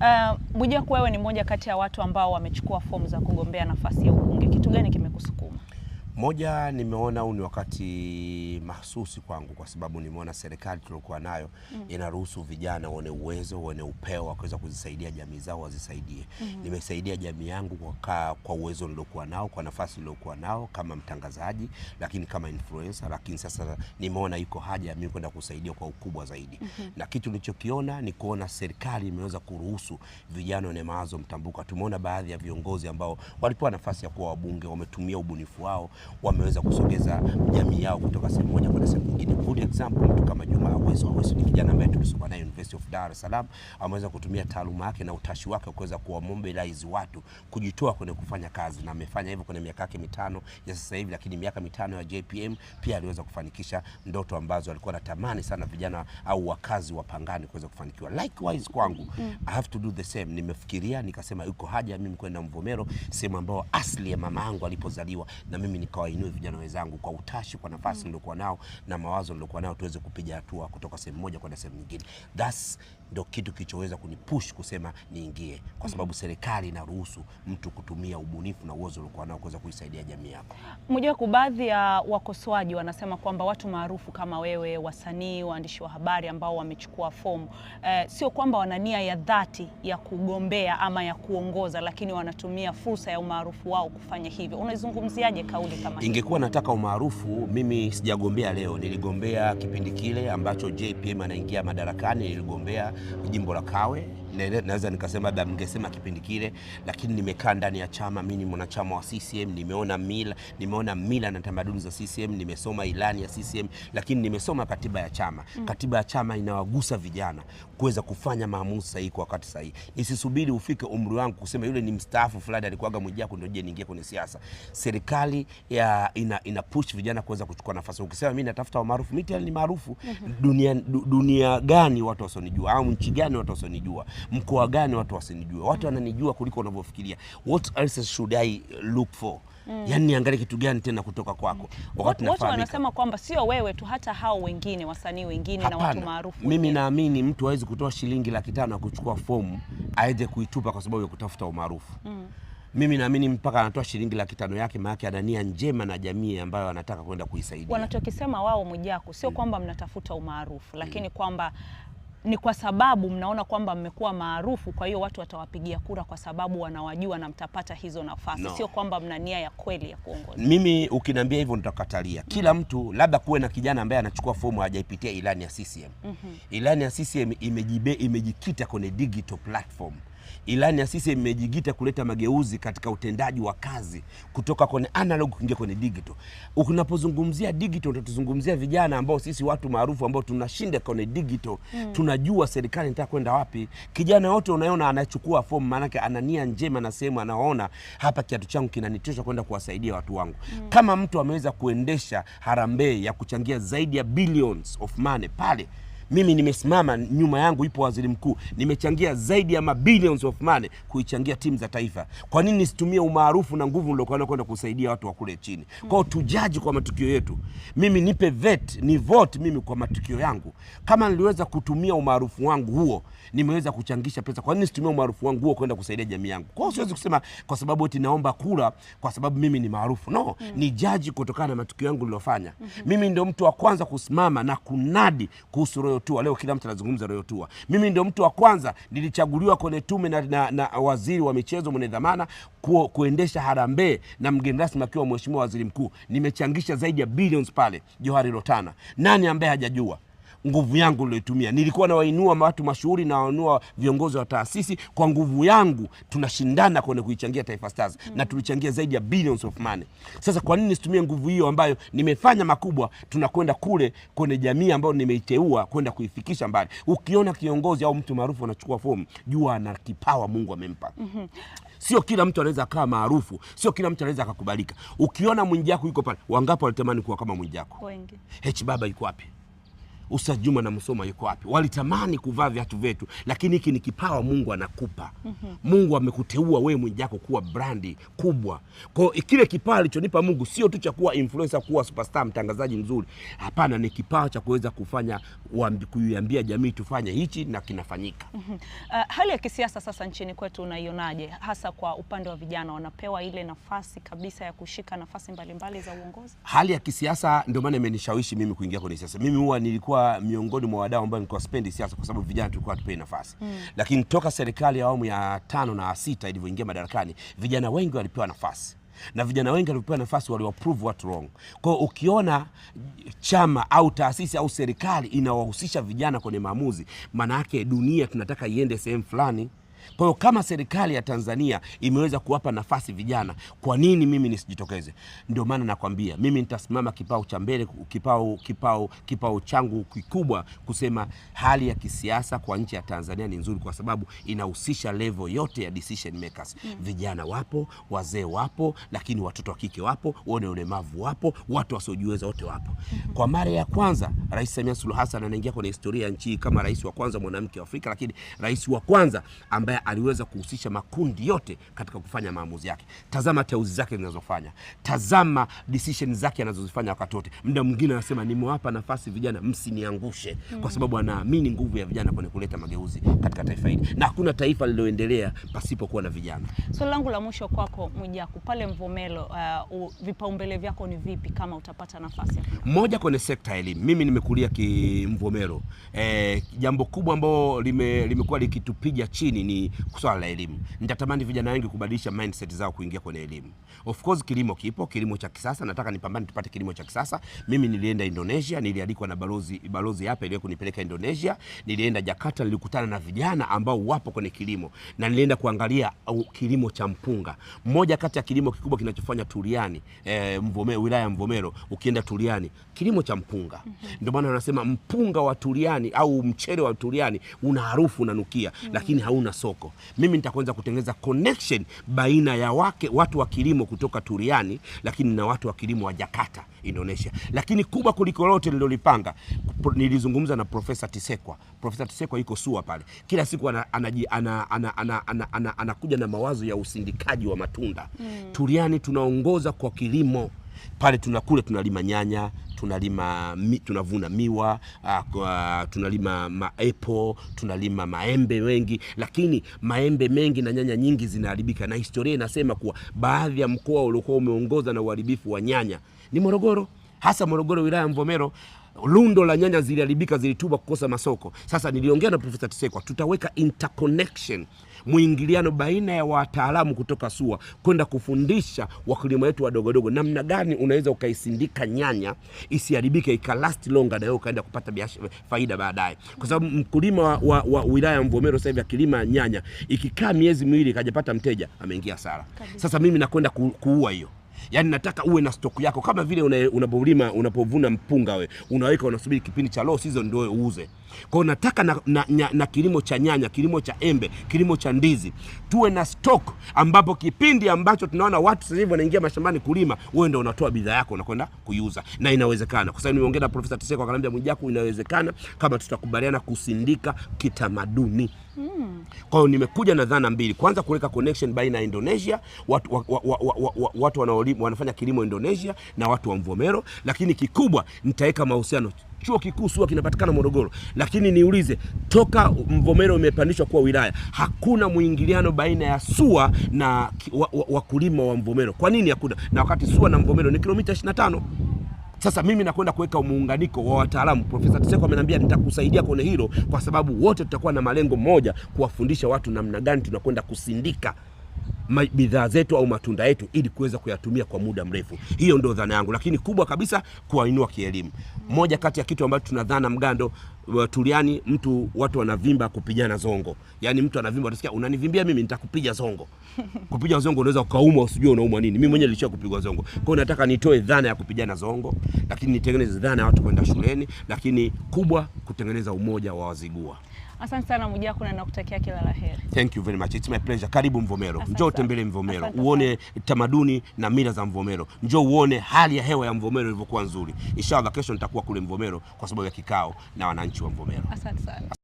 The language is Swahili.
Uh, Mwijaku wewe ni mmoja kati ya watu ambao wamechukua fomu za kugombea nafasi ya ubunge. Kitu gani kimekusukuma? Moja, nimeona huu ni wakati mahsusi kwangu kwa sababu nimeona serikali tuliokuwa nayo mm. inaruhusu vijana wone uwezo wone upeo wakiweza kuzisaidia jamii zao wazisaidie. mm. Nimesaidia jamii yangu kwa, kwa uwezo niliokuwa nao kwa nafasi niliokuwa nao kama mtangazaji, lakini kama influencer, lakini sasa nimeona iko haja ya mimi kwenda kusaidia kwa ukubwa zaidi. mm -hmm. Na kitu nilichokiona ni kuona serikali imeweza kuruhusu vijana wenye mawazo mtambuka. Tumeona baadhi ya viongozi ambao walipewa nafasi ya kuwa wabunge wametumia ubunifu wao wameweza kusogeza jamii yao kutoka sehemu moja kwenda sehemu nyingine. Good example mtu kama Juma Aweso. Aweso ni kijana ambaye tulisoma naye University of Dar es Salaam, ameweza kutumia taaluma yake na utashi wake kuweza kuwamobilize watu kujitoa kwenye kufanya kazi, na amefanya hivyo kwenye miaka yake mitano ya sasa hivi, lakini miaka mitano ya JPM pia aliweza kufanikisha ndoto ambazo alikuwa anatamani sana vijana au wakazi wa Pangani kuweza kufanikiwa. Likewise kwangu mm. I have to do the same. Nimefikiria nikasema, yuko haja mimi kwenda Mvomero, sehemu ambayo asili ya mama yangu alipozaliwa na mimi nika tukawainue vijana wenzangu kwa utashi, kwa nafasi mm. nao na mawazo nilokuwa nao, tuweze kupiga hatua kutoka sehemu moja kwenda sehemu nyingine. Thus ndo kitu kilichoweza kunipush kusema niingie, kwa sababu serikali inaruhusu mtu kutumia ubunifu na uwezo uliokuwa nao kuweza kuisaidia jamii yako. kwa baadhi ya wakosoaji wanasema kwamba watu maarufu kama wewe, wasanii, waandishi wa habari ambao wamechukua fomu eh, sio kwamba wana nia ya dhati ya kugombea ama ya kuongoza, lakini wanatumia fursa ya umaarufu wao kufanya hivyo. Unaizungumziaje kauli? ingekuwa nataka umaarufu, mimi sijagombea leo. Niligombea kipindi kile ambacho JPM anaingia madarakani, niligombea jimbo la Kawe naweza nikasema labda mngesema kipindi kile, lakini nimekaa ndani ya chama. Mimi ni mwanachama wa CCM, nimeona mila, nimeona mila na tamaduni za CCM, nimesoma ilani ya CCM, lakini nimesoma katiba ya chama. mm. Katiba ya chama inawagusa vijana kuweza kufanya maamuzi sahihi kwa wakati sahihi. Nisisubiri ufike umri wangu kusema yule ni mstaafu fulani alikuwaga Mwijaku ndio je niingie kwenye siasa. Serikali ya ina, ina push vijana kuweza kuchukua nafasi. Ukisema mimi natafuta maarufu, mimi tayari ni maarufu. Mm-hmm. Dunia, dunia gani watu wasionijua au nchi gani watu wasionijua? mkoa gani watu wasinijue? Watu wananijua kuliko unavyofikiria. What else should I look for? Mm. Yaani niangalie kitu gani tena kutoka kwako? Mm. Wakati watu wanasema kwamba sio wewe tu, hata hao wengine wasanii wengine na watu maarufu. Mimi naamini mtu hawezi kutoa shilingi laki tano kuchukua fomu aende kuitupa kwa sababu ya kutafuta umaarufu. Mm. Mimi naamini mpaka anatoa shilingi laki tano yake, maana ana nia njema na jamii ambayo anataka kwenda kuisaidia. Wanachokisema wao Mwijaku sio mm. kwamba mnatafuta umaarufu, lakini mm. kwamba ni kwa sababu mnaona kwamba mmekuwa maarufu, kwa hiyo watu watawapigia kura kwa sababu wanawajua na mtapata hizo nafasi no. Sio kwamba mna nia ya kweli ya kuongoza. Mimi ukiniambia hivyo nitakatalia. Kila mtu labda kuwe na kijana ambaye anachukua fomu hajaipitia ilani ya CCM. mm -hmm. Ilani ya CCM imejikita kwenye digital platform ilani ya sisi imejigita kuleta mageuzi katika utendaji wa kazi kutoka kwenye analog kuingia kwenye digital. Unapozungumzia digital, tutazungumzia vijana ambao sisi watu maarufu ambao tunashinda kwenye digital mm. Tunajua serikali inataka kwenda wapi. Kijana yote unaona anachukua fomu, maanake ana nia njema na sehemu anaona hapa kiatu changu kinanitosha kwenda kuwasaidia watu wangu mm. Kama mtu ameweza kuendesha harambee ya kuchangia zaidi ya billions of money pale mimi nimesimama, nyuma yangu ipo waziri mkuu, nimechangia zaidi ya mabillions of money kuichangia timu za taifa. Kwa nini nisitumie umaarufu na nguvu nilokuwa nayo kwenda kusaidia watu wa kule chini? Kwa hiyo tujaji kwa matukio yetu, mimi nipe vet ni vote mimi kwa matukio yangu. Kama niliweza kutumia umaarufu wangu huo, nimeweza kuchangisha pesa, kwa nini nisitumie umaarufu wangu huo kwenda kusaidia jamii yangu? Kwa hiyo siwezi kusema kwa sababu eti naomba kura kwa sababu mimi ni maarufu no. Mm. Ni jaji kutokana na matukio yangu niliyofanya. Mm -hmm. Mimi ndio mtu wa kwanza kusimama na kunadi kuhusu Royotua. Leo kila mtu anazungumza Royotua. Mimi ndio mtu wa kwanza nilichaguliwa kwenye tume na, na, na waziri wa michezo mwenye dhamana ku, kuendesha harambee na mgeni rasmi akiwa mheshimiwa waziri mkuu. Nimechangisha zaidi ya bilioni pale Johari Rotana. Nani ambaye hajajua? nguvu yangu niliyotumia. Nilikuwa nawainua watu mashuhuri na wainua viongozi wa taasisi kwa nguvu yangu, tunashindana kwenye kuichangia Taifa Stars mm. na tulichangia zaidi ya billions of money. Sasa kwa nini nisitumie nguvu hiyo ambayo nimefanya makubwa, tunakwenda kule kwenye jamii ambayo nimeiteua kwenda kuifikisha mbali. Ukiona kiongozi au mtu maarufu anachukua fomu, jua ana kipawa Mungu amempa mm -hmm. Sio kila mtu anaweza akawa maarufu, sio kila mtu anaweza akakubalika. Ukiona Mwijaku yuko pale, wangapi walitamani kuwa kama Mwijaku? Wengi. H baba yuko wapi? Ustadh Juma na Musoma yuko wapi? Walitamani kuvaa viatu vyetu, lakini hiki ni kipawa Mungu anakupa. mm -hmm. Mungu amekuteua wewe mwenjako kuwa brandi kubwa. Kwa hiyo kile kipawa alichonipa Mungu sio tu cha kuwa influencer, kuwa superstar, mtangazaji mzuri, hapana, ni kipawa cha kuweza kufanya kuiambia jamii tufanye hichi na kinafanyika. mm -hmm. Uh, hali ya kisiasa sasa nchini kwetu unaionaje, hasa kwa upande wa vijana, wanapewa ile nafasi kabisa ya kushika nafasi mbalimbali mbali za uongozi? Hali ya kisiasa ndio maana imenishawishi mimi kuingia kwenye siasa. Mimi huwa nilikuwa nilikuwa miongoni mwa wadau ambao nilikuwa sipendi siasa kwa sababu vijana tulikuwa hatupewi nafasi mm. Lakini toka serikali ya awamu ya tano na sita ilivyoingia madarakani, vijana wengi walipewa nafasi na vijana wengi walipewa nafasi waliwaprove watu wrong. Kwa hiyo ukiona chama au taasisi au serikali inawahusisha vijana kwenye maamuzi, maana yake dunia tunataka iende sehemu fulani. Kwa hiyo kama serikali ya Tanzania imeweza kuwapa nafasi vijana, kwa nini mimi nisijitokeze? Ndio maana nakwambia mimi nitasimama kipao cha mbele, kipao kipao kipao changu kikubwa kusema hali ya kisiasa kwa nchi ya Tanzania ni nzuri, kwa sababu inahusisha level yote ya decision makers. Mm. Vijana wapo, wazee wapo, lakini watoto wa kike wapo, wenye ulemavu wapo, watu wasiojiweza wote wapo. Mm -hmm. Kwa mara ya kwanza Rais Samia Suluhu Hassan anaingia kwenye historia ya nchi kama rais wa kwanza mwanamke wa Afrika, lakini rais wa kwanza ambaye ambaye aliweza kuhusisha makundi yote katika kufanya maamuzi yake. Tazama teuzi zake zinazofanya, tazama decision zake anazozifanya wakati wote. Muda mwingine anasema nimewapa nafasi vijana, msiniangushe, kwa mm. sababu anaamini nguvu ya vijana kwenye kuleta mageuzi katika taifa hili, na hakuna taifa lililoendelea pasipokuwa na vijana. Swali so, langu la mwisho kwako Mwijaku, pale Mvomero, uh, vipaumbele vyako ni vipi kama utapata nafasi? Moja kwenye sekta ya elimu. Mimi nimekulia kimvomero Eh, jambo kubwa ambalo limekuwa lime likitupiga chini ni ni swala la elimu. Nitatamani vijana wengi kubadilisha mindset zao kuingia kwenye elimu. Of course kilimo kipo, kilimo cha kisasa, nataka nipambane tupate kilimo cha kisasa. Mimi nilienda Indonesia, nilialikwa na balozi balozi hapa ile kunipeleka Indonesia, nilienda Jakarta, nilikutana na vijana ambao wapo kwenye kilimo na nilienda kuangalia kilimo cha mpunga. Mmoja kati ya kilimo kikubwa kinachofanya Turiani, e, eh, Mvomero, wilaya ya Mvomero, ukienda Turiani, kilimo cha mpunga. Mhm. Ndio maana wanasema mpunga wa Turiani au mchele wa Turiani una harufu unanukia, mm -hmm. lakini hauna so soko, mimi nitakwenza kutengeneza connection baina ya wake, watu wa kilimo kutoka Turiani, lakini na watu wa kilimo wa Jakarta Indonesia. Lakini kubwa kuliko lote nililolipanga, nilizungumza na Profesa Tisekwa. Profesa Tisekwa yuko SUA pale, kila siku anakuja ana, ana, ana, ana, ana, ana na mawazo ya usindikaji wa matunda mm. Turiani tunaongoza kwa kilimo pale tunakule, tunalima nyanya, tunalima mi, tunavuna miwa uh, tunalima maepo, tunalima maembe wengi, lakini maembe mengi na nyanya nyingi zinaharibika, na historia inasema kuwa baadhi ya mkoa uliokuwa umeongoza na uharibifu wa nyanya ni Morogoro, hasa Morogoro wilaya ya Mvomero lundo la nyanya ziliharibika, zilitubwa kukosa masoko. Sasa niliongea na Profesa Tisekwa, tutaweka interconnection, mwingiliano baina ya wataalamu kutoka SUA kwenda kufundisha wakulima wetu wadogodogo namna gani unaweza ukaisindika nyanya isiharibike ikalast longa, na ukaenda kupata biashara faida baadaye, kwa sababu mkulima wa, wa, wa wilaya ya Mvomero sasa hivi akilima nyanya ikikaa miezi miwili ikajapata mteja ameingia sara. Sasa mimi nakwenda kuua hiyo Yaani nataka uwe na stoku yako kama vile unapolima unapovuna mpunga we unaweka unasubiri kipindi cha low season ndio uuze. Kwa hiyo nataka na, na, na, na kilimo cha nyanya, kilimo cha embe, kilimo cha ndizi tuwe na stock, ambapo kipindi ambacho tunaona watu sasa hivi wanaingia mashambani kulima, wewe ndio unatoa bidhaa yako unakwenda kuiuza, na inawezekana. Kwa sababu nimeongea na Profesa Tiseko akaniambia, Mwijaku, inawezekana kama tutakubaliana kusindika kitamaduni. Hmm. Kwa hiyo nimekuja na dhana mbili, kwanza kuweka connection baina ya Indonesia watu, wa, wa, wa, wa, wa, watu wanaolima kilimo, wanafanya kilimo Indonesia na watu wa Mvomero, lakini kikubwa nitaweka mahusiano chuo kikuu SUA kinapatikana Morogoro, lakini niulize, toka Mvomero imepandishwa kuwa wilaya hakuna mwingiliano baina ya SUA na wakulima wa, wa, wa Mvomero. Kwa nini hakuna, na wakati SUA na Mvomero ni kilomita 25? Sasa mimi nakwenda kuweka muunganiko wa wataalamu. Profesa Tiseko ameniambia nitakusaidia kwenye hilo, kwa sababu wote tutakuwa na malengo moja, kuwafundisha watu namna gani tunakwenda kusindika bidhaa zetu au matunda yetu ili kuweza kuyatumia kwa muda mrefu. Hiyo ndio dhana yangu, lakini kubwa kabisa kuwainua kielimu. Moja kati ya kitu ambacho tuna dhana mgando Tuliani, mtu watu wanavimba kupigana zongo, yaani mtu anavimba, utasikia unanivimbia mimi, nitakupiga zongo. Kupiga zongo unaweza ukaumwa, usijue unaumwa nini. Mimi mwenyewe nilishia kupigwa zongo. Kwa hiyo nataka nitoe dhana ya kupigana zongo, lakini nitengeneze dhana ya watu kwenda shuleni, lakini kubwa kutengeneza umoja wa Wazigua. Asante sana Mwijaku na nakutakia kila la heri. Thank you very much. It's my pleasure. Karibu Mvomero, njoo utembele Mvomero, uone tamaduni na mila za Mvomero, njoo uone hali ya hewa ya Mvomero ilivyokuwa nzuri. Inshallah kesho nitakuwa kule Mvomero kwa sababu ya kikao na wananchi wa Mvomero. Asante sana.